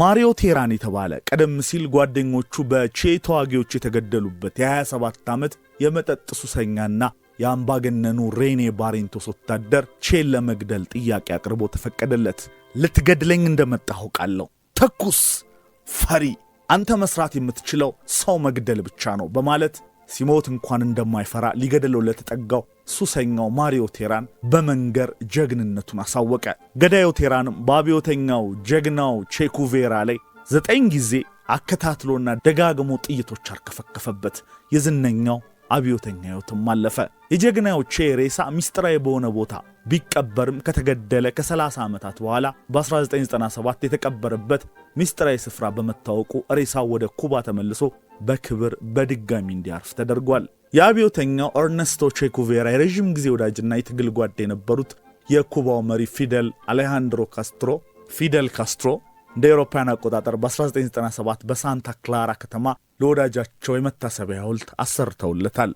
ማሪዮ ቴራን የተባለ ቀደም ሲል ጓደኞቹ በቼ ተዋጊዎች የተገደሉበት የ27 ዓመት የመጠጥ ሱሰኛና የአምባገነኑ ሬኔ ባሬንቶስ ወታደር ቼን ለመግደል ጥያቄ አቅርቦ ተፈቀደለት። ልትገድለኝ እንደመጣ አውቃለሁ፣ ተኩስ ፈሪ፣ አንተ መስራት የምትችለው ሰው መግደል ብቻ ነው በማለት ሲሞት እንኳን እንደማይፈራ ሊገደለው ለተጠጋው ሱሰኛው ማሪዮ ቴራን በመንገር ጀግንነቱን አሳወቀ። ገዳዩ ቴራንም በአብዮተኛው ጀግናው ቼኩቬራ ላይ ዘጠኝ ጊዜ አከታትሎና ደጋግሞ ጥይቶች አርከፈከፈበት። የዝነኛው አብዮተኛ ሕይወትም አለፈ። የጀግናዎቼ ሬሳ ሚስጥራዊ በሆነ ቦታ ቢቀበርም ከተገደለ ከ30 ዓመታት በኋላ በ1997 የተቀበረበት ሚስጥራዊ ስፍራ በመታወቁ ሬሳው ወደ ኩባ ተመልሶ በክብር በድጋሚ እንዲያርፍ ተደርጓል። የአብዮተኛው ኤርነስቶ ቼኩቬራ የረዥም ጊዜ ወዳጅና የትግል ጓድ የነበሩት የኩባው መሪ ፊደል አሌሃንድሮ ካስትሮ ፊደል ካስትሮ እንደ አውሮፓውያን አቆጣጠር በ1997 በሳንታ ክላራ ከተማ ለወዳጃቸው የመታሰቢያ ሐውልት አሰርተውለታል።